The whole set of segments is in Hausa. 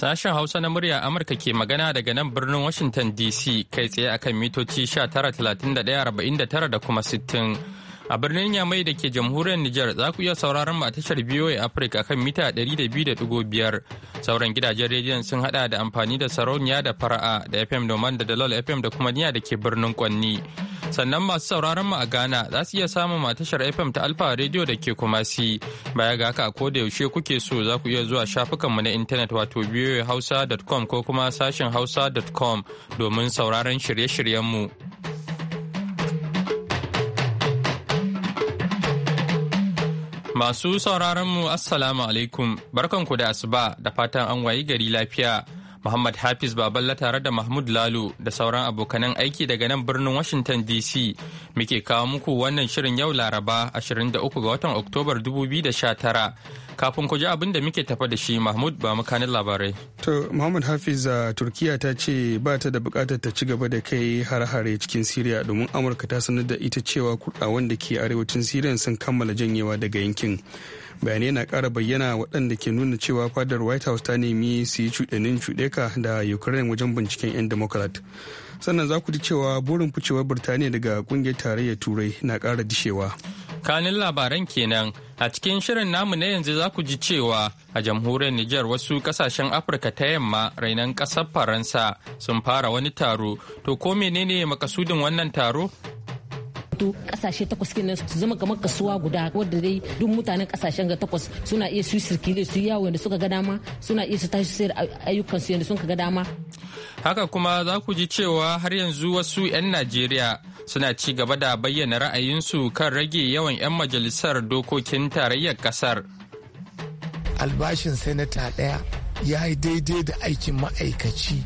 Sashen Hausa na murya Amurka ke magana daga nan birnin Washington DC kai tsaye akan mitoci 19,31,49 da kuma 60. A birnin Yamai da ke jamhuriyar Nijar za ku iya sauraron mu a tashar VOA Africa kan mita 200.5. Sauran gidajen rediyon sun hada da amfani da sarauniya da fara'a da FM Noman da Dalol FM da kuma niya da ke birnin Kwanni. Sannan masu sauraron mu a Ghana za su iya samun a tashar FM ta Alfa Radio da ke Kumasi. Baya ga haka ko da yaushe kuke so za ku iya zuwa shafukan mu na intanet wato voahausa.com ko kuma sashin hausa.com domin sauraron shirye-shiryen mu. Masu sauraron mu Assalamu alaikum, barkanku da asuba da fatan an wayi gari lafiya. Muhammad Hafiz Baballa tare da Mahmud lalu da sauran abokanan aiki daga nan birnin Washington DC muke kawo muku wannan shirin yau Laraba 23 ga watan Oktobar 2019. Kafin ku ji abin da muke tafa da shi Mahmud ba makanin labarai. To Muhammad Hafiz a Turkiya ta ce ba ta da bukatar ta ci gaba da kai har hare cikin Siriya domin Amurka ta sanar da ita cewa kurdawan da ke arewacin Siriya sun kammala janyewa daga yankin. bayanai na kara bayyana waɗanda ke nuna cewa fadar white house ta nemi su yi cuɗanin cuɗeka da ukraine wajen binciken 'yan democrat sannan za ku ji cewa burin ficewar birtaniya daga kungiyar tarayyar turai na kara dishewa kanin labaran kenan a cikin shirin namu na yanzu za ku ji cewa a jamhuriyar Nijar wasu kasashen Afirka ta yamma rainan ƙasar Faransa sun fara wani taro to ko menene makasudin wannan taro zamanto kasashe takwas kenan su zama kamar kasuwa guda wadda dai duk mutanen kasashen ga takwas suna iya su sirkile su yawo yadda suka ga dama suna iya su tashi sayar ayyukan su yadda suka ga dama haka kuma za ku ji cewa har yanzu wasu 'yan najeriya suna ci gaba da bayyana ra'ayinsu kan rage yawan 'yan majalisar dokokin tarayyar kasar albashin senata ɗaya ya yi daidai da aikin ma'aikaci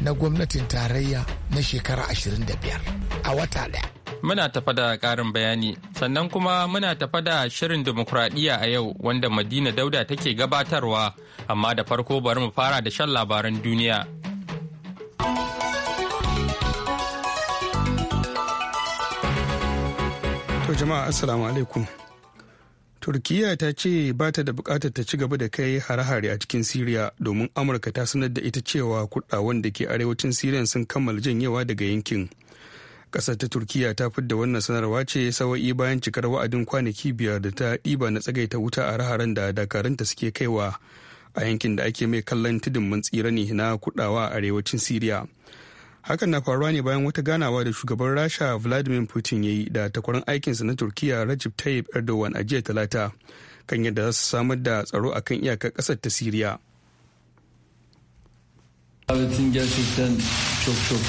na gwamnatin tarayya na shekara 25 a wata daya. Muna tafa da ƙarin bayani, sannan kuma muna tafa da shirin dimokuraɗiyya a yau wanda Madina Dauda take gabatarwa, amma da farko bari mu fara da shan labaran duniya. To jama'a Assalamu alaikum. Turkiyya ta ce ba ta da bukatar ta ci gaba da kai hare-hare a cikin Siriya domin Amurka ta sanar da ita cewa kudawan da ke arewacin Siriya sun kammala janyewa daga yankin. Ƙasar ta Turkiya ta fidda wannan sanarwa ce sawa'i bayan cikar wa'adin kwanaki biyar da ta ɗiba na tsagaita wuta a raharen da dakaranta suke kaiwa a yankin da ake mai kallon tudun mun tsira ne na kudawa a arewacin Siriya. Hakan na faruwa ne bayan wata ganawa da shugaban Rasha Vladimir Putin ya yi da takwarar aikinsa na Turkiya rajib Tayyip Erdogan a jiya Talata kan yadda za su samar da tsaro akan iyakar ƙasar ta Siriya. Davetin gerçekten çok çok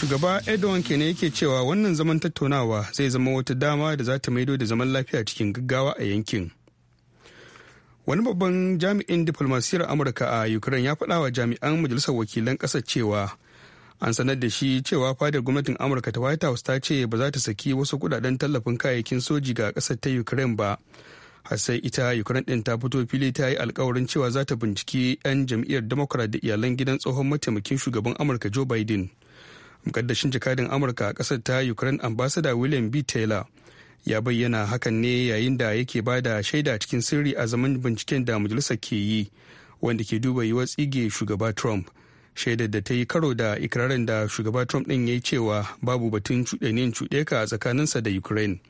Shugaba Edwin Kene yake cewa wannan zaman tattaunawa zai zama wata dama da za ta maido da zaman lafiya cikin gaggawa a yankin. Wani babban jami'in diplomasiyar Amurka a Ukraine ya faɗa wa jami'an majalisar wakilan ƙasar cewa an sanar da shi cewa fadar gwamnatin Amurka ta White House ta ce ba za ta saki wasu kudaden tallafin kayayyakin soji ga ƙasar ta Ukraine ba. har sai ita ukraine din ta fito fili ta yi alkawarin cewa za ta binciki 'yan jam'iyyar democrat da iyalan gidan tsohon mataimakin shugaban amurka joe biden mukaddashin jakadin amurka a kasar ta ukraine ambassador william b taylor ya bayyana hakan ne yayin da yake ba da shaida cikin sirri a zaman binciken da majalisar ke yi wanda ke duba yiwa tsige shugaba trump shaidar da ta yi karo da ikirarin da shugaba trump din ya yi cewa babu batun cuɗaniyan cuɗe ka tsakaninsa da ukraine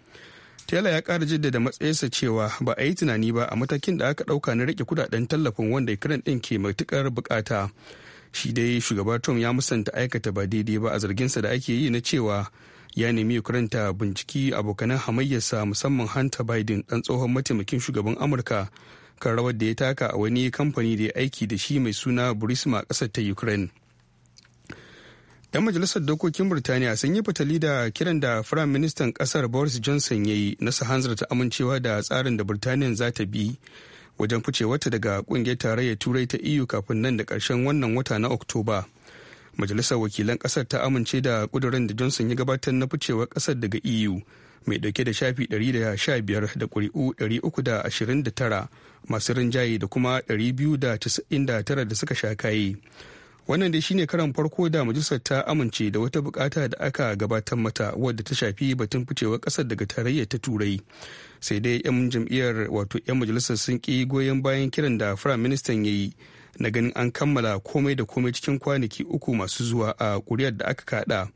Taylor ya ƙara jaddada matsayinsa cewa ba a yi tunani ba a matakin da aka ɗauka na rike kudaden tallafin wanda Ukraine ɗin ke matuƙar bukata. Shi dai shugaba Trump ya musanta aikata ba daidai ba a zarginsa da ake yi na cewa ya nemi Ukraine ta binciki abokanan hamayyarsa musamman Hunter Biden ɗan tsohon mataimakin shugaban Amurka kan rawar da ya taka a wani kamfani da ya aiki da shi mai suna Burisma ƙasar ta Ukraine. 'Yan majalisar dokokin burtaniya sun yi fitali da kiran da Firayim Ministan ƙasar Boris Johnson ya yi na hanzarta amincewa da tsarin da burtaniya za ta bi wajen wata daga ƙungiyar tarayyar Turai ta EU kafin nan da karshen wannan wata na Oktoba. Majalisar wakilan ƙasar ta amince da ƙudurin da Johnson ya gabatar na ficewar kasar daga EU mai ɗauke da shafi ɗari da sha biyar da ƙuri'u 329 masu rinjaye da kuma ɗari 299 da suka sha kaye. wannan dai shine karan farko da majalisar ta amince da wata bukata da aka gabatar mata wadda ta shafi batun ficewar kasar daga tarayyar ta turai sai dai yan jam'iyyar wato yan majalisar sun ki goyon bayan kiran da firayim ministan ya yi na ganin an kammala komai da komai cikin kwanaki uku masu zuwa a kuriyar da aka kada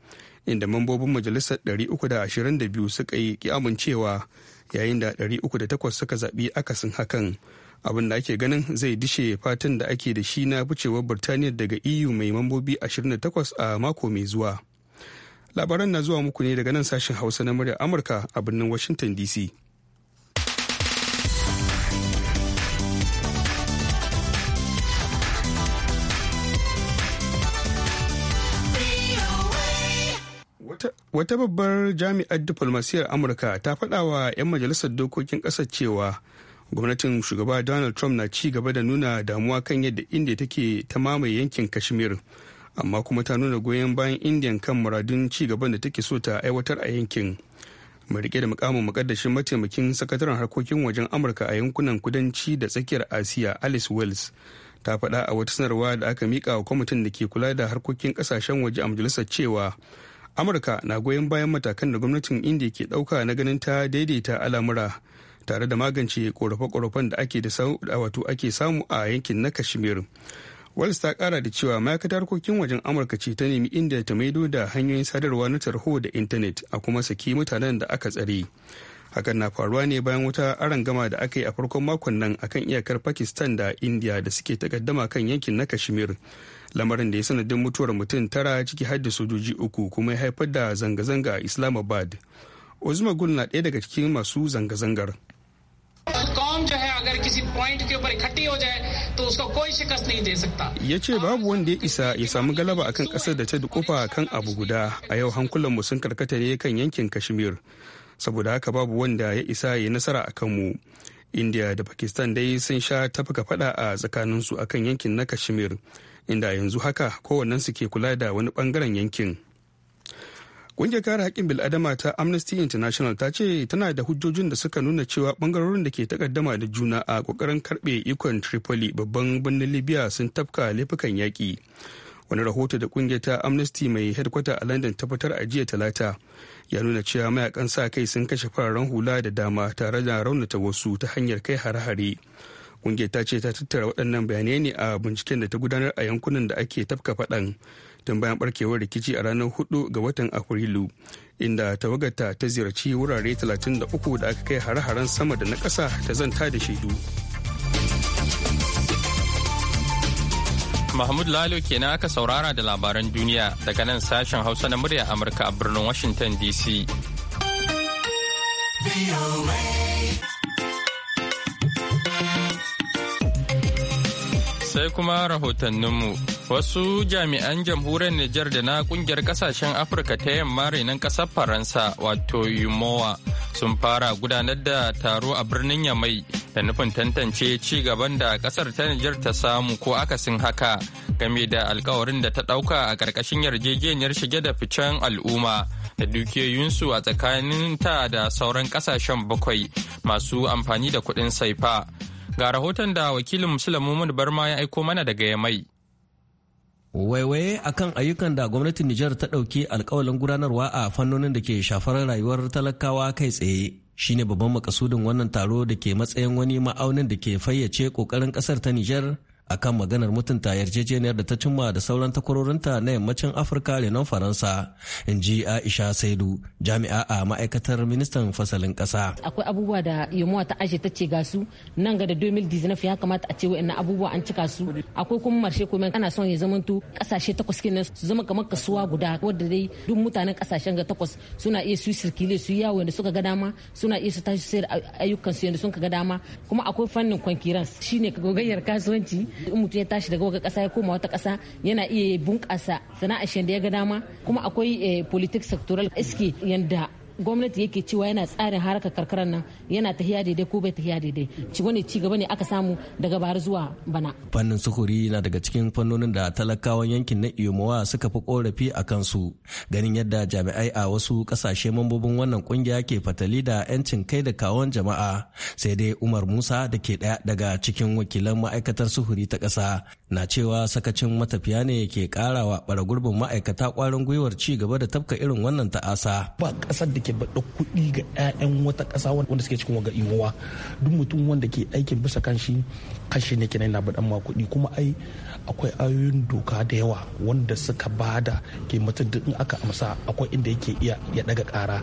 inda mambobin majalisar 322 suka yi ki amincewa yayin da 308 suka zaɓi akasin hakan abin da ake ganin zai dishe fatan da ake da shi na ficewar birtaniya daga eu mai mambobi 28 a mako mai zuwa labaran na zuwa muku ne daga nan sashen hausa na murya amurka a birnin washington dc wata babbar jami'ar diflomasiyyar amurka ta faɗa wa 'yan majalisar dokokin ƙasar cewa gwamnatin shugaba donald trump na ci gaba da nuna damuwa kan yadda india take ta mamaye yankin kashmir amma kuma ta nuna goyon bayan indiyan kan muradun ci gaban da take so ta aiwatar a yankin mai rike da mukamin makaddashin mataimakin sakataren harkokin wajen amurka a yankunan kudanci da tsakiyar asiya alice wells ta faɗa a wata sanarwa da aka mika wa kwamitin da ke kula da harkokin kasashen waje a majalisar cewa amurka na goyon bayan matakan da gwamnatin indiya ke ɗauka na ganin ta daidaita al'amura tare da magance korafe-korafen da ake wato ake samu a yankin na kashmir wales ta kara da cewa ma'aikatar harkokin wajen amurka ce ta nemi inda ta maido da hanyoyin sadarwa na tarho da intanet a kuma saki mutanen da aka tsare hakan na faruwa ne bayan wata arangama da aka yi a farkon makon nan akan iyakar pakistan da india da suke takaddama kan yankin na kashmir lamarin da ya sanadin mutuwar mutum tara ciki har da sojoji uku kuma ya haifar da zanga-zanga a islamabad ozma gul na ɗaya daga cikin masu zanga-zangar अगर ya ce babu wanda ya isa ya samu galaba akan kasar da ta dukufa kan abu guda a yau hankulan mu sun karkata ne kan yankin kashmir saboda haka babu wanda ya isa ya nasara akan mu india da pakistan dai sun sha tafaka fada a tsakanin su akan yankin na kashmir inda yanzu haka su ke kula da wani bangaren yankin Ƙungiyar kare haƙƙin bil'adama ta Amnesty International ta ce tana da hujjojin da suka nuna cewa ɓangarorin da ke takaddama da juna a ƙoƙarin karɓe ikon Tripoli babban birnin Libya sun tafka laifukan yaƙi. Wani rahoto da ƙungiyar ta Amnesty mai headquarter a London ta fitar a jiya talata ya nuna cewa mayakan sa kai sun kashe fararen hula da dama tare da raunata wasu ta hanyar kai hare-hare. Ƙungiyar ta ce ta tattara waɗannan bayanai ne a binciken da ta gudanar a yankunan da ake tafka faɗan. tun bayan barkewar rikici a ranar 4 ga watan afrilu inda tawagata ta ziyarci wurare 33 da aka kai hare-haren sama da na ƙasa ta zanta da shaidu Mahmud Lalo kenan aka saurara da labaran duniya daga nan sashen Hausa na murya Amurka a birnin Washington DC. Sai kuma rahotanninmu Wasu jami'an jamhuriyar Nijar da na kungiyar kasashen Afirka ta yamma renon kasar Faransa wato Yumowa sun fara gudanar da taro a birnin Yamai da nufin tantance ci gaban da kasar ta Nijar ta samu ko akasin haka game da alkawarin da ta ɗauka a ƙarƙashin yarjejeniyar shige da ficen al'umma da dukiyoyinsu a tsakanin ta da sauran kasashen bakwai masu amfani da kuɗin saifa. Ga rahoton da wakilin Musulun Barma ya aiko mana daga Yamai. waiwaye kan ayyukan da gwamnatin Nijar ta ɗauki alkawalin gudanarwa a fannonin da ke shafar rayuwar talakawa kai tsaye shine babban makasudin wannan taro da ke matsayin wani ma'aunin da ke fayyace ƙoƙarin ƙasar ta Nijar akan maganar mutunta yarjejeniyar da ta cimma da sauran takwarorinta na yammacin afirka renon faransa in ji aisha saidu jami'a a ma'aikatar ministan fasalin kasa akwai abubuwa da yamuwa ta ashe ta ce ga su nan ga da 2019 ya kamata a ce wa'annan abubuwa an cika su akwai kuma marshe kuma ana son ya zamanto kasashe takwas kenan su zama kamar kasuwa guda wadda dai duk mutanen kasashen ga takwas suna iya su sirkile su yawo yadda suka ga dama suna iya su tashi sayar ayyukan su yadda sun ga dama kuma akwai fannin kwankiran shine gogayyar kasuwanci in mutum ya tashi daga wata kasa ya koma wata kasa yana iya bunƙasa sana'ar shi da ya ga dama kuma akwai eh, politics sectoral iske yanda gwamnati yake cewa yana tsarin harkar karkarar nan yana tahiya daidai ko bai ta tahiya daidai ci wani ci gaba ne aka samu daga bara zuwa bana fannin sukuri na daga cikin fannonin da talakawan yankin na iyomawa suka fi korafi a kansu ganin yadda jami'ai a wasu kasashe mambobin wannan kungiya ke fatali da yancin kai da kawon jama'a sai dai umar musa da ke daya daga cikin wakilan ma'aikatar suhuri ta ƙasa na cewa sakacin matafiya ne ke karawa bara gurbin ma'aikata kwarin gwiwar ci gaba da tafka irin wannan ta'asa ba kasar da ke bada kuɗi ga 'ya'yan wata ƙasa wanda suke cikin waga imuwa duk mutum wanda ke aikin bisa kanshi kashi ne kenan na baɗan ma kuɗi kuma ai akwai ayoyin doka da yawa wanda suka bada ke mutum duk in aka amsa akwai inda yake iya ya daga kara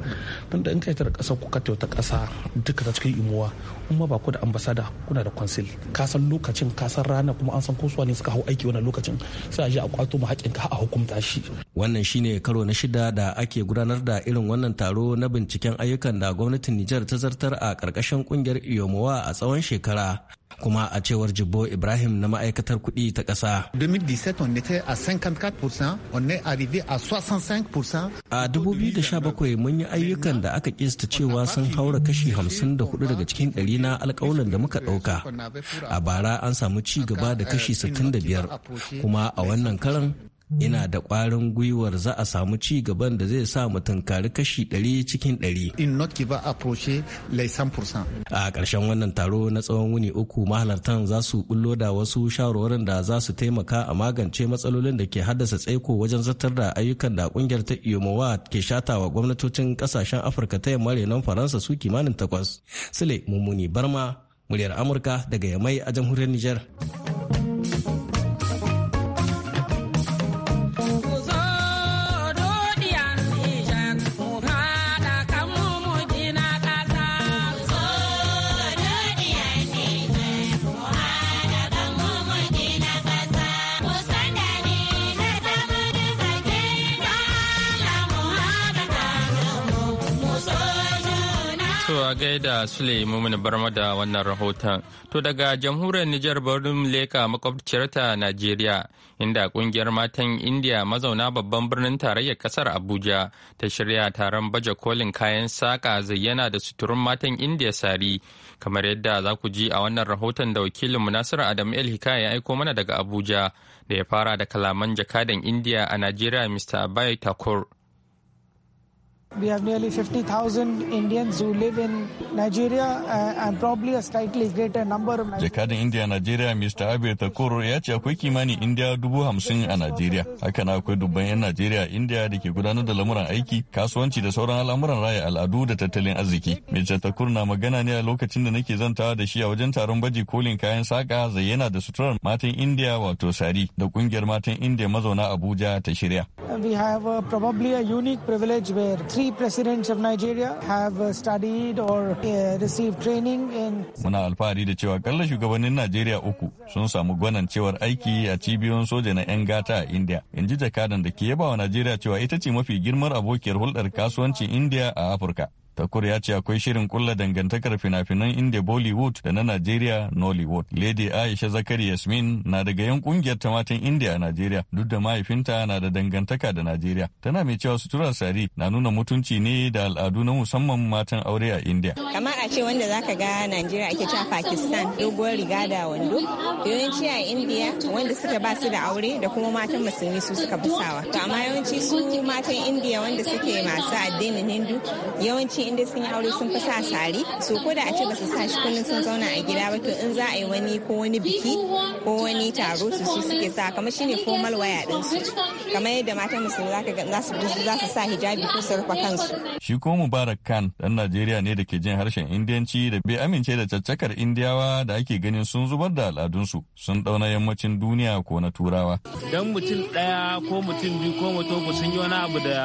tunda in kai ta ƙasa ko ka ta ƙasa duka ta cikin imuwa kuma ba ku da ambasada kuna da consul ka san lokacin ka san rana kuma an san ko ne suka hau aiki wannan lokacin sai a je a kwato mu haƙin ka a hukunta shi wannan shine karo na shida da ake gudanar da irin wannan taro na binciken ayyukan da gwamnatin Nijar ta zartar a ƙarƙashin kungiyar Iyomowa a tsawon shekara kuma a cewar Jibbo Ibrahim na ma'aikatar kuɗi ta ƙasa. 2017 on était à 54%, on est arrivé à 65%. A 2017 mun yi ayyukan da aka kista cewa sun haura kashi 54 daga cikin 100 na alkawuran da muka ɗauka. A bara an samu ci gaba da kashi 65 kuma a wannan karan ina da kwarin gwiwar za a samu ci gaban da zai sa mutum kari kashi 100 cikin 100. In not give a A ƙarshen wannan taro na tsawon wuni uku mahalartan za su bullo da wasu shawarwarin da za su taimaka a magance matsalolin da ke haddasa tsaiko wajen zartar da ayyukan da kungiyar ta Iyomowa ke shatawa gwamnatocin ƙasashen Afirka ta yamma renon Faransa su kimanin takwas. Sule Mummuni Barma, muryar Amurka daga Yamai a jamhuriyar Nijar. da Sule Mumini Barma da wannan rahoton. To daga jamhuriyar Nijar barin leka ta Najeriya, inda kungiyar matan India mazauna babban birnin tarayyar kasar Abuja ta shirya taron baje kolin kayan saƙa zayyana da suturun matan India sari. Kamar yadda za ku ji a wannan rahoton da wakilin Nasiru adamu El Hikaya ya aiko mana daga Abuja, da ya fara da kalaman jakadan India a Najeriya Mr. Abai takur. We have nearly 50,000 Indians who live in Nigeria uh, and probably a slightly greater number of Jakadan India Nigeria Mr. abe Takoro ya ce akwai kimanin India dubu hamsin a Nigeria. Hakan akwai dubban 'yan Nigeria India da ke gudanar da lamuran aiki, kasuwanci da sauran al'amuran raya al'adu da tattalin arziki. Mr. Takoro na magana ne a lokacin da nake zanta da shi a wajen taron baji kolin kayan saka zayyana da suturar matan India wato sari da kungiyar matan India mazauna Abuja ta shirya. We have a, uh, probably a unique privilege where three presidents of Nigeria have uh, studied or uh, received training in. Muna alfahari da cewa kalla shugabannin Najeriya uku sun samu cewar aiki a cibiyoyin soja na 'yan gata a India. In ji jakadan da ke yaba wa Najeriya cewa ita ce mafi girmar abokiyar hulɗar kasuwancin India a Afirka. Takur ya ce akwai shirin kulla dangantakar fina-finan India Bollywood da na Najeriya Nollywood. Lady Aisha Zakari Yasmin na daga yan kungiyar ta matan India a Najeriya duk da mahaifinta na da dangantaka da Najeriya. Tana mai cewa suturar sari na nuna mutunci ne da al'adu na musamman matan aure a India. Kamar a ce wanda zaka ga Najeriya ake cewa Pakistan doguwar riga da wando. Yawanci a India wanda suka ba su da aure da kuma matan musulmi su suka fi To amma yawanci su matan India wanda suke masu addinin Hindu yawanci inda sun yi aure sun fi sa sari so ko da a ce ba su sa shi kullum sun zauna a gida ba to in za a yi wani ko wani biki ko wani taro su su suke sa kamar shine formal waya din su kamar yadda matan musulmi ka ga za su za su sa hijabi ko su rufe kansu shi ko Mubarak Khan dan Najeriya ne da ke jin harshen Indiyanci da bai amince da caccakar Indiyawa da ake ganin sun zubar da al'adunsu sun dauna yammacin duniya ko na Turawa dan mutum daya ko mutum biyu ko mutum sun yi wani abu da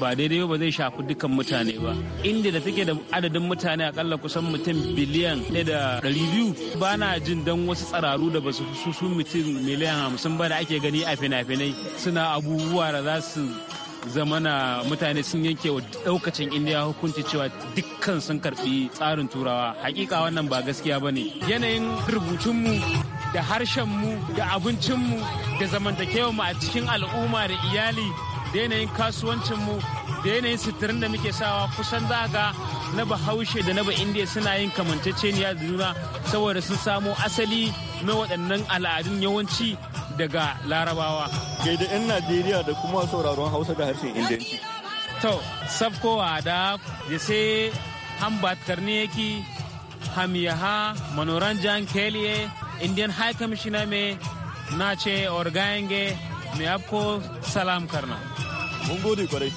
ba daidai ba zai shafi dukkan mutane ba inda da take da adadin mutane akalla kusan mutum biliyan ɗaya da ɗari biyu ba na jin don wasu tsararu da ba su susu mutum miliyan hamsin ba da ake gani a fina-finai suna abubuwa da za su zamana mutane sun yanke wa daukacin indiya hukunci cewa dukkan sun karbi tsarin turawa hakika wannan ba gaskiya ba ne yanayin rubutunmu da harshenmu da abincinmu da zamantakewa mu a cikin al'umma da iyali da yanayin kasuwancinmu da yanayin sitirin da muke sawa kusan za ga na bahaushe da na ba indiya suna yin kamanceceniya da juna saboda sun samo asali na waɗannan al'adun yawanci daga larabawa da 'yan najeriya da kuma sauraron hausa da harshen indiyanci to sabkowa da jese हम बात करनी है कि हम manoran jan के indian high high na में नाचे और mai मैं आपको सलाम mun gode kwarai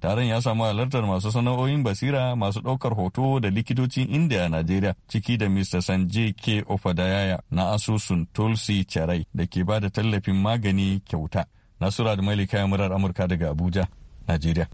taron ya samu halartar masu sana'o'in basira masu ɗaukar hoto da likitocin indiya a najeriya ciki da mr sanjay k ofadayaya na asusun tulsi charai da ke ba da tallafin magani kyauta nasura da mailika murar amurka daga abuja najeriya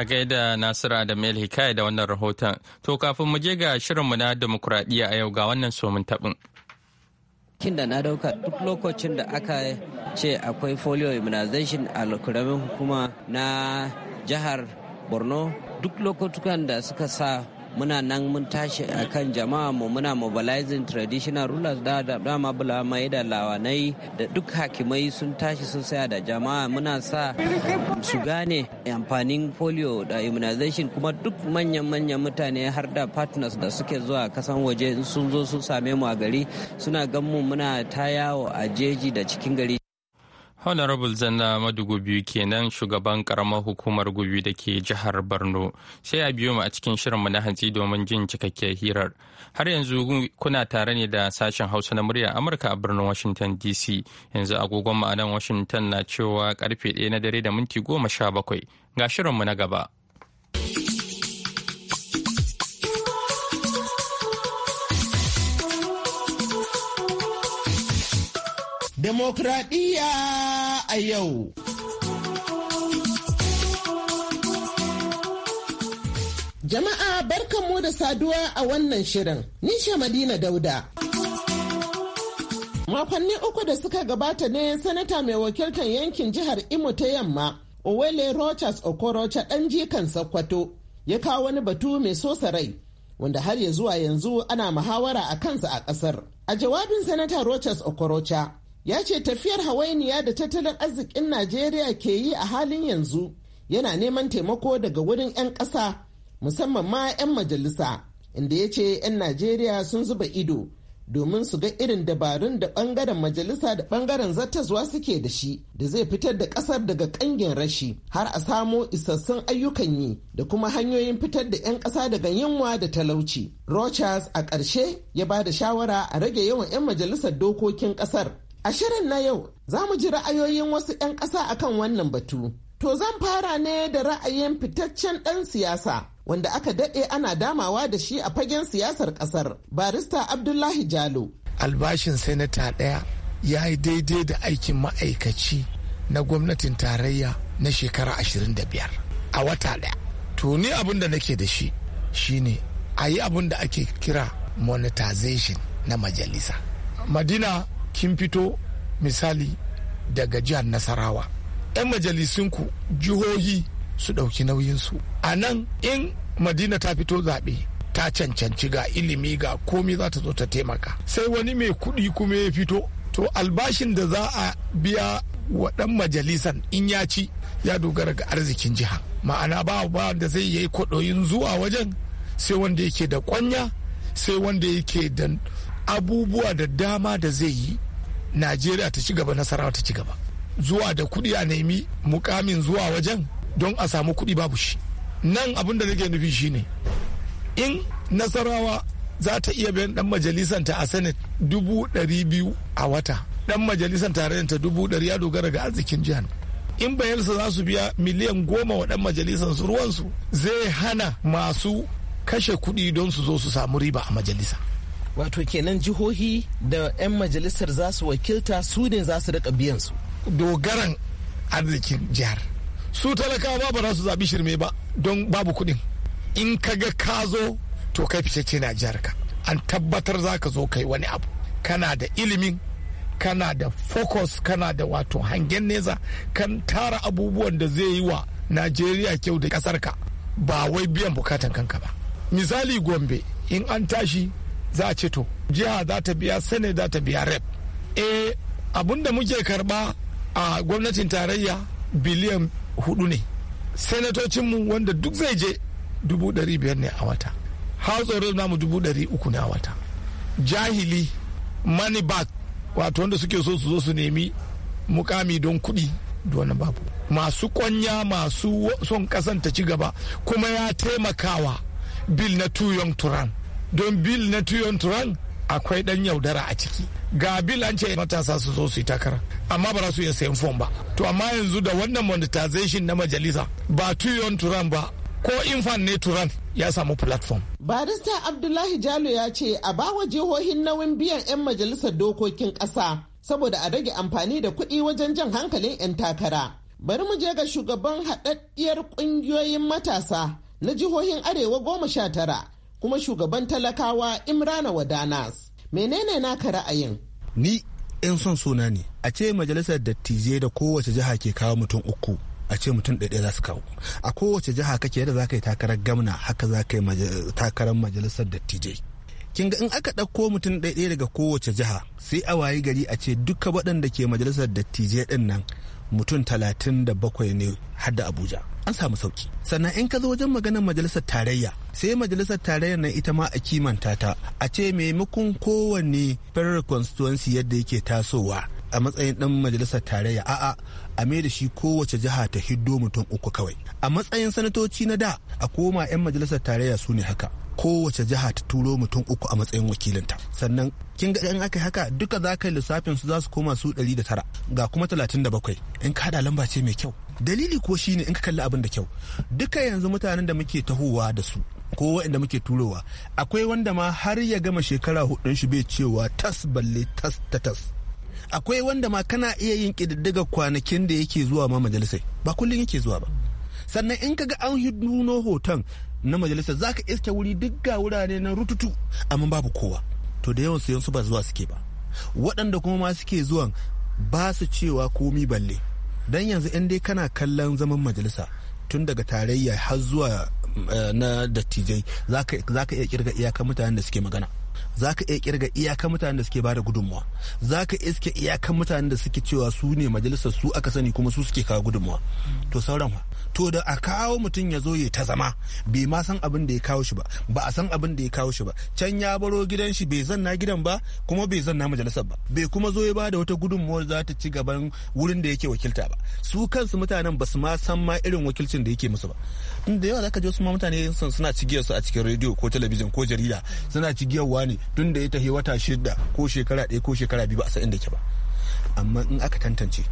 A gaida Nasira da Mel Hikaya da wannan rahoton. To kafin mu je ga shirinmu na demokuraɗiyya a yau ga wannan somin taɓin. kin da na dauka duk lokacin da aka ce akwai folio immunization a kuramin hukuma na jihar borno duk lokutukan da suka sa muna nan mun tashi a kan jama'a mu muna mobilizing traditional rulers da dama bulamai da lawanai da duk hakimai sun tashi sun saya da jama'a muna sa su gane amfanin polio da immunization kuma duk manyan-manyan mutane har da partners da suke zuwa kasan waje sun zo sun same mu a gari suna gan muna ta yawo a jeji da cikin gari honorable zanna madugu biyu kenan shugaban karamar hukumar gubi da ke jihar borno sai a biyo mu a cikin shirinmu na hantsi domin jin cikakkiyar hirar har yanzu kuna tare ne da sashen hausa na murya amurka a birnin washington dc yanzu agogon ma'anan washington na cewa karfe 1 na dare da minti goma sha bakwai ga shirinmu na gaba Demokradiyya a yau. Jama'a barkanmu da saduwa a wannan shirin. Nisha Madina Dauda. Makonni uku da suka gabata ne sanata mai wakiltar yankin jihar Imo ta yamma, Owele Rochas Okorocha ɗan jikan Sokoto, ya kawo wani batu mai sosa rai, wanda har ya zuwa yanzu ana muhawara a kansa a ƙasar. A jawabin sanata Rochas Okorocha, ya ce tafiyar hawainiya da tattalin arzikin najeriya ke yi a halin yanzu yana neman taimako daga wurin 'yan ƙasa musamman ma 'yan majalisa inda ya ce 'yan najeriya sun zuba ido domin su ga irin dabarun da bangaren majalisa da bangaren zattaswa suke da shi da zai fitar da kasar daga kangin rashi har a samo isassun ayyukan yi da kuma hanyoyin fitar da 'yan kasa daga yunwa da talauci. Rochas a ƙarshe ya ba da shawara a rage yawan 'yan majalisar dokokin ƙasar. A shirin na yau za mu ji ra'ayoyin wasu 'yan ƙasa akan wannan batu. To zan fara ne da ra'ayin fitaccen ɗan siyasa wanda aka daɗe ana damawa da shi a fagen siyasar ƙasar barista Abdullahi Jalo. Albashin senata ɗaya ya yi daidai da aikin ma'aikaci na gwamnatin tarayya na shekara biyar. a wata ɗaya. To ni abin da nake da shi shine a yi abin da ake kira monetization na majalisa. Madina kin fito misali daga jihar nasarawa 'yan majalisunku jihohi su ɗauki nauyinsu a nan in madina ta fito zaɓe ta cancanci ga ilimi ga komi za ta zo ta taimaka sai wani mai kuɗi kuma ya fito to albashin da za a biya wa ɗan majalisan in ya ci ya dogara ga arzikin jiha ma'ana ba ba da zai yi kwaɗoyin zuwa wajen sai wanda yake da kwanya sai wanda yake da abubuwa da dama da zai yi najeriya ta ci gaba nasarawa ta ci gaba zuwa da kuɗi a nemi mukamin zuwa wajen don a samu kuɗi babu shi nan abin da nake nufi shine in nasarawa za ta iya bayan dan ta a senate dubu ɗari biyu a wata dan majalisan tarayyar ta dubu ɗari ya dogara ga arzikin jihar in bayansa za su biya miliyan goma wa dan majalisan su ruwansu zai hana masu kashe kuɗi don su zo su samu riba a majalisa wato kenan jihohi da 'yan majalisar za su wakilta su ne za su rika biyan su dogaran arzikin jihar su talakawa ba za su zaɓi shirme ba don babu kuɗin in ka ga ka zo to kai fice na jihar ka an tabbatar za ka zo kai wani abu kana da ilimin kana da focus kana da wato hangen neza kan tara abubuwan da zai yi wa najeriya kyau da kasar ka ba wai biyan bukatan kanka ba misali gombe in an tashi za a ce to jiha za ta biya sene za ta biya rep e abun muke karba a gwamnatin tarayya biliyan hudu ne senatocinmu wanda duk zai je dubu dari biyar ne a wata hatsoro namu dubu dari uku ne a wata jahili money back wato wanda suke so su zo su nemi mukami don kuɗi wannan babu masu kwanya masu son kasan ta ci gaba kuma ya taimakawa bil na tuyon turan don bil na tuyon turan akwai dan yaudara a ciki ga bil an ce matasa su zo su yi takara amma ba za su iya sayan fom ba to amma yanzu da wannan monetization na majalisa ba tuyon turan ba ko infan ne turan ya samu platform. barista abdullahi jalo ya ce a bawa jihohin nauyin biyan 'yan majalisar dokokin ƙasa saboda a rage amfani da kuɗi wajen jan hankalin 'yan takara bari mu je ga shugaban haɗaɗɗiyar ƙungiyoyin matasa na jihohin arewa goma sha tara kuma shugaban talakawa Imrana Wadanas. Menene naka ra'ayin? Ni 'yan son suna ne a ce majalisar dattijai da kowace jiha ke kawo mutum uku a ce mutum ɗaya za su kawo a kowace jiha kake yadda za ka yi takarar gamna haka za ka yi takarar majalisar dattijai kin ga in aka ɗauko mutum ɗaya daga kowace jiha sai a wayi gari a ce duka waɗanda ke majalisar dattijai ɗin nan mutum talatin da bakwai ne har da abuja an samu sauki sannan in ka zo wajen maganar majalisar tarayya sai majalisar tarayya na ita ma a kimanta ta a ce maimakon kowanne federal constituency yadda yake tasowa a matsayin ɗan majalisar tarayya a'a a mai da shi kowace jiha ta hiddo mutum uku kawai a matsayin sanatoci na da a koma 'yan majalisar tarayya su ne haka kowace jiha ta turo mutum uku a matsayin wakilinta sannan kin ga in aka yi haka duka za ka yi lissafin su za su koma su 109 ga kuma bakwai in ka hada lamba ce mai kyau dalili ko shine in ka kalli abin da kyau duka yanzu mutanen da muke tahowa da su ko waɗanda muke turowa akwai wanda ma har ya gama shekara hudun shi bai cewa tas balle tas ta tas akwai wanda ma kana iya yin ƙididdiga kwanakin da yake zuwa ma majalisai ba kullum yake zuwa ba sannan in ka ga an nuno hoton na majalisar za ka iske wuri duk ga wurare na rututu amma babu kowa to da yawan su ba zuwa suke ba waɗanda kuma ma suke zuwan ba su cewa komi balle don yanzu in dai kana kallon zaman majalisa tun daga tarayya har zuwa eh, na dattijai za ka iya kirga iyakar mutanen da suke magana za ka iya kirga iyakan mutanen da suke bada gudunmawa za ka iske iyakan mutanen da suke cewa su ne majalisar su aka sani kuma su suke kawo gudunmawa to sauran to da a kawo mutum ya zo ya ta zama bai ma san abin da ya kawo shi ba ba a san abin da ya kawo shi ba can ya baro gidan shi bai zanna gidan ba kuma bai zanna majalisar ba bai kuma zo ya bada wata gudunmawar za ta ci gaban wurin da yake wakilta ba su kansu mutanen ba su ma san ma irin wakilcin da yake musu ba da yawa zaka ji wasu mutane sun suna cigiyar su a cikin rediyo ko talabijin ko jarida suna cigiyarwa ne tun da ya tafi wata shida ko shekara ɗaya ko shekara biyu ba a san inda ke ba amma in aka tantance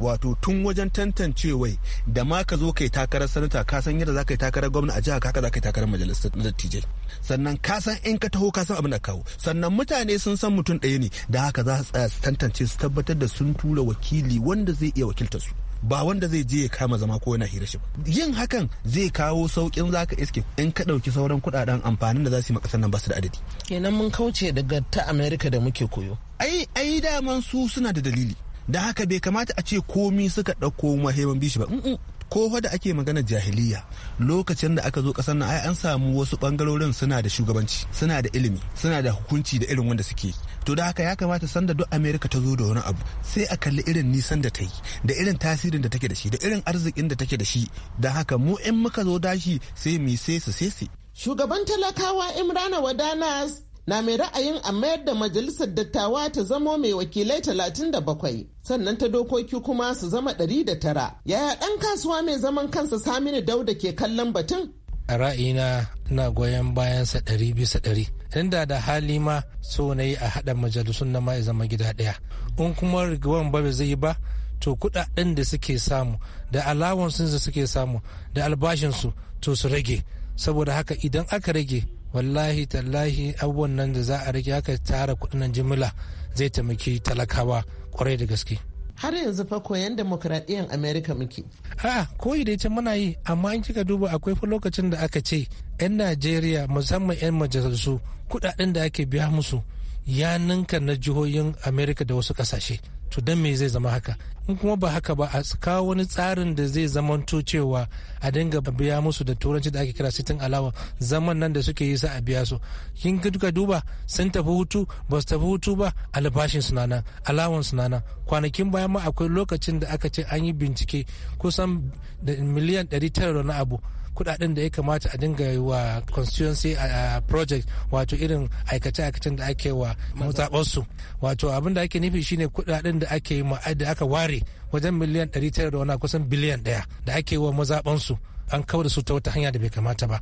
wato tun wajen tantancewai da ma ka zo kai takarar sanata ka san yadda za ka yi takarar gwamna a jiha kaka za ka yi takarar majalisar dattijai sannan ka san in ka taho ka san abin da kawo sannan mutane sun san mutum ɗaya ne da haka za su tantance su tabbatar da sun tura wakili wanda zai iya wakiltar su ba wanda zai je ya kama zama ko yana hira shi ba yin hakan zai kawo saukin zaka iske in ka dauki sauran kudaden amfanin da za su yi makasar nan ba su da adadi kenan mun kauce daga ta america da muke koyo ai ai daman su suna da dalili da haka bai kamata a ce komi suka dauko mahimman bishi ba ko da ake magana jahiliya lokacin da aka zo kasar nan ai an samu wasu bangarorin suna da shugabanci suna da ilimi suna da hukunci da irin wanda suke to da haka ya kamata sanda duk america ta zo da wani abu sai a kalli irin nisan da ta yi da irin tasirin da take da shi da irin arzikin da take da shi da haka mu in muka zo dashi sai mu sai su sai shugaban talakawa imrana wadanas na mai ra'ayin a mayar da majalisar dattawa ta zamo mai wakilai 37 sannan ta dokoki kuma su zama 109 yaya ɗan kasuwa mai zaman kansa saminu dauda ke kallon batun a ra'ayina na goyon bayansa ɗari bisa ɗari inda da hali ma so na yi a haɗa majalisun na ma zama gida ɗaya in kuma rigawan ba zai yi ba to kuɗaɗen da suke samu da alawansu da suke samu da albashinsu to su rage saboda haka idan aka rage wallahi tallahi abubuwan nan da za a rike haka tara kudin jimila zai taimaki talakawa kwarai da gaske har yanzu fa koyan demokradiyyar amerika muke a koyi da ita muna yi amma in kika duba akwai fa lokacin da aka ce 'yan najeriya musamman 'yan majalisu kudaden da ake biya musu ya ninka na jihohin amerika da wasu kasashe to dan me zai zama haka in kuma ba haka ba a kawo wani tsarin da zai zamanto cewa a dinga biya musu da turanci da ake kira sitin alawa zaman nan da suke yi sa a biya su kin ka duba sun tafi hutu ba su tafi hutu ba albashin su nan alawan su nan kwanakin baya ma akwai lokacin da aka ce an yi bincike kusan miliyan 900 na abu kudaden da ya kamata a dinga wa constituency project wato irin aikace-aikacen da ake wa mazaɓarsu wato abin da ake nufi shine kudaden da ake yi da aka ware wajen miliyan 900 da wana kusan biliyan daya da ake wa mazaɓansu an kawar da su ta wata hanya da bai kamata ba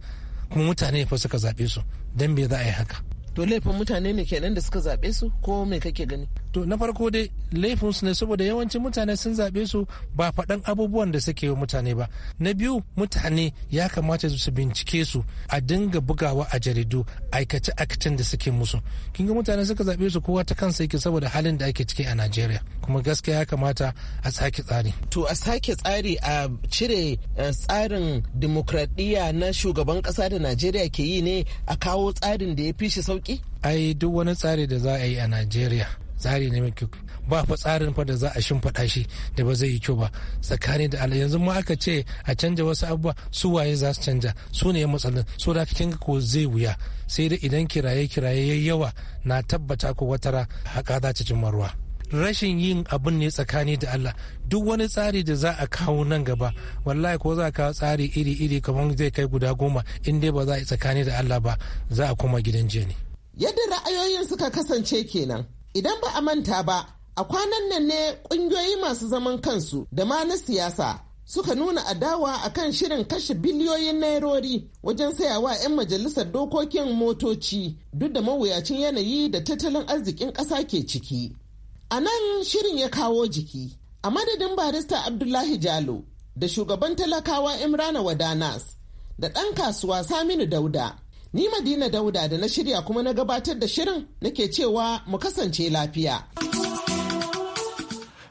kuma mutane fa suka zaɓe su don me za a yi haka to laifin mutane ne kenan da suka zaɓe su ko me kake gani to na farko dai laifinsu ne saboda yawancin mutane sun zaɓe su ba faɗan abubuwan da suke yi mutane ba na biyu mutane ya kamata su bincike su a dinga bugawa a jaridu aikace aikacin da suke musu kin ga mutane suka zaɓe su kowa ta kansa yake saboda halin da ake ciki a najeriya kuma gaskiya ya kamata a sake tsari to a sake tsari a cire eh, tsarin dimokuraɗiyya na shugaban ƙasa da najeriya ke yi ne a kawo tsarin da ya fi shi sauki ai duk wani tsari da za a yi a najeriya tsari ne mai kyau ba fa tsarin fa da za a shimfiɗa shi da ba zai yi kyau ba tsakani da Allah yanzu ma aka ce a canja wasu abubuwa su waye za su canja su ne matsalolin su da kin ko zai wuya sai da idan kiraye kiraye yayi yawa na tabbata ko watara haka za ta cimma ruwa rashin yin abin ne tsakani da Allah duk wani tsari da za a kawo nan gaba wallahi ko za a kawo tsari iri-iri kamar zai kai guda goma in dai ba za a yi tsakani da Allah ba za a koma gidan jiya ne. Yadda ra'ayoyin suka kasance kenan Idan ba a manta ba, a kwanan nan ne ƙungiyoyi masu zaman kansu da ma na siyasa suka nuna adawa a kan shirin kashe biliyoyin nairori wajen sayawa 'yan majalisar dokokin motoci duk da mawuyacin yanayi da tattalin arzikin ƙasa ke ciki. A nan shirin ya kawo jiki, a madadin barista Abdullahi Jalo da shugaban talakawa Imrana Wadanas da ɗan kasuwa Saminu Dauda. Ni Madina Dauda da na shirya kuma na gabatar da shirin nake cewa mu kasance lafiya.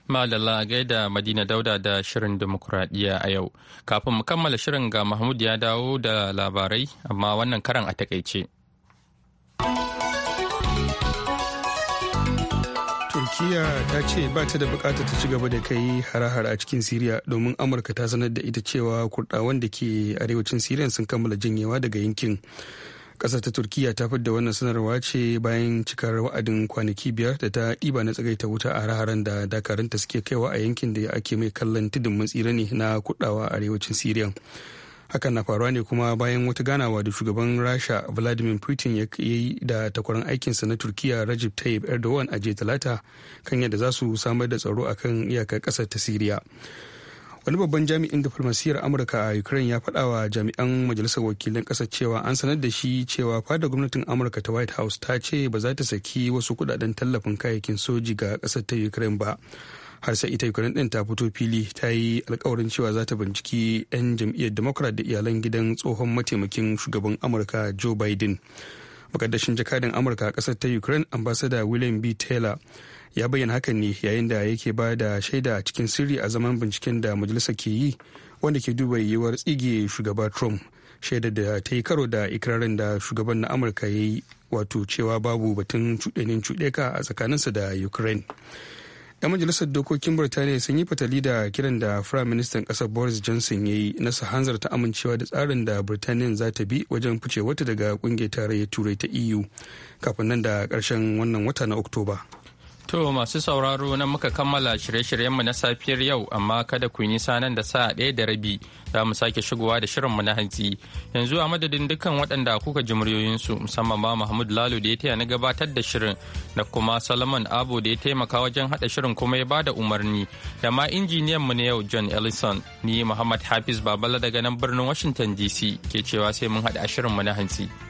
Malala gaida Madina Dauda da shirin demokuraɗiyya a yau. Kafin mu kammala shirin ga Mahmud ya dawo da labarai amma wannan karan a takaice. Turkiya ta ce ba ta da bukatar ta ci gaba da kai hare-hare a cikin siriya domin amurka ta sanar da ita cewa kurdawan da ke arewacin siriya sun kammala janyewa daga yankin ƙasar ta turkiya ta fidda wannan sanarwa ce bayan cikar wa'adin kwanaki biyar da ta ɗiba na tsagaita wuta a hare da dakaranta suke kaiwa a yankin da ake mai kallon tudun matsira ne na a arewacin siriya hakan na faruwa ne kuma bayan wata ganawa da shugaban rasha vladimir putin ya yi da takwaran aikinsa na turkiya rajib tayyip erdogan a talata kan yadda za su samar da tsaro akan iyakar kasar ta siriya wani babban jami'in diflomasiyyar amurka a ukraine ya faɗa wa jami'an majalisar wakilan ƙasar cewa an sanar da shi cewa fada gwamnatin amurka ta white house ta ce ba za ta saki wasu kudaden tallafin kayayyakin soji ga ƙasar ta ukraine ba har sai ita ukraine din ta fito fili ta yi alkawarin cewa za ta binciki 'yan jam'iyyar democrat da iyalan gidan tsohon mataimakin shugaban amurka joe biden makaddashin jakadin amurka a kasar ta ukraine ambassador william b taylor ya bayyana hakan ne yayin da yake ba da shaida cikin sirri a zaman binciken da majalisa ke yi wanda ke duba yiwuwar tsige shugaba trump shaida da ta yi karo da ikirarin da shugaban na amurka ya yi wato cewa babu batun cuɗanin cuɗeka a tsakaninsa da ukraine 'yan majalisar dokokin birtaniya sun yi fatali da kiran da firayim ministan kasar boris johnson ya yi na su hanzarta amincewa da tsarin da birtaniya za ta bi wajen fice wata daga kungiyar tarayyar turai ta eu kafin nan da karshen wannan wata na oktoba To masu sauraro nan muka kammala shirye-shiryenmu na safiyar yau amma kada ku nisa nan da sa ɗaya da rabi za mu sake shigowa da shirinmu na hantsi. Yanzu a madadin dukkan waɗanda kuka ji muryoyinsu musamman ma Mahmud Lalo da ya taya na gabatar da shirin da kuma Solomon abu da ya taimaka wajen haɗa shirin kuma ya bada umarni da ma injiniyan mu na yau John Ellison ni Muhammad Hafiz Babala daga nan birnin Washington DC ke cewa sai mun haɗa shirinmu na hantsi.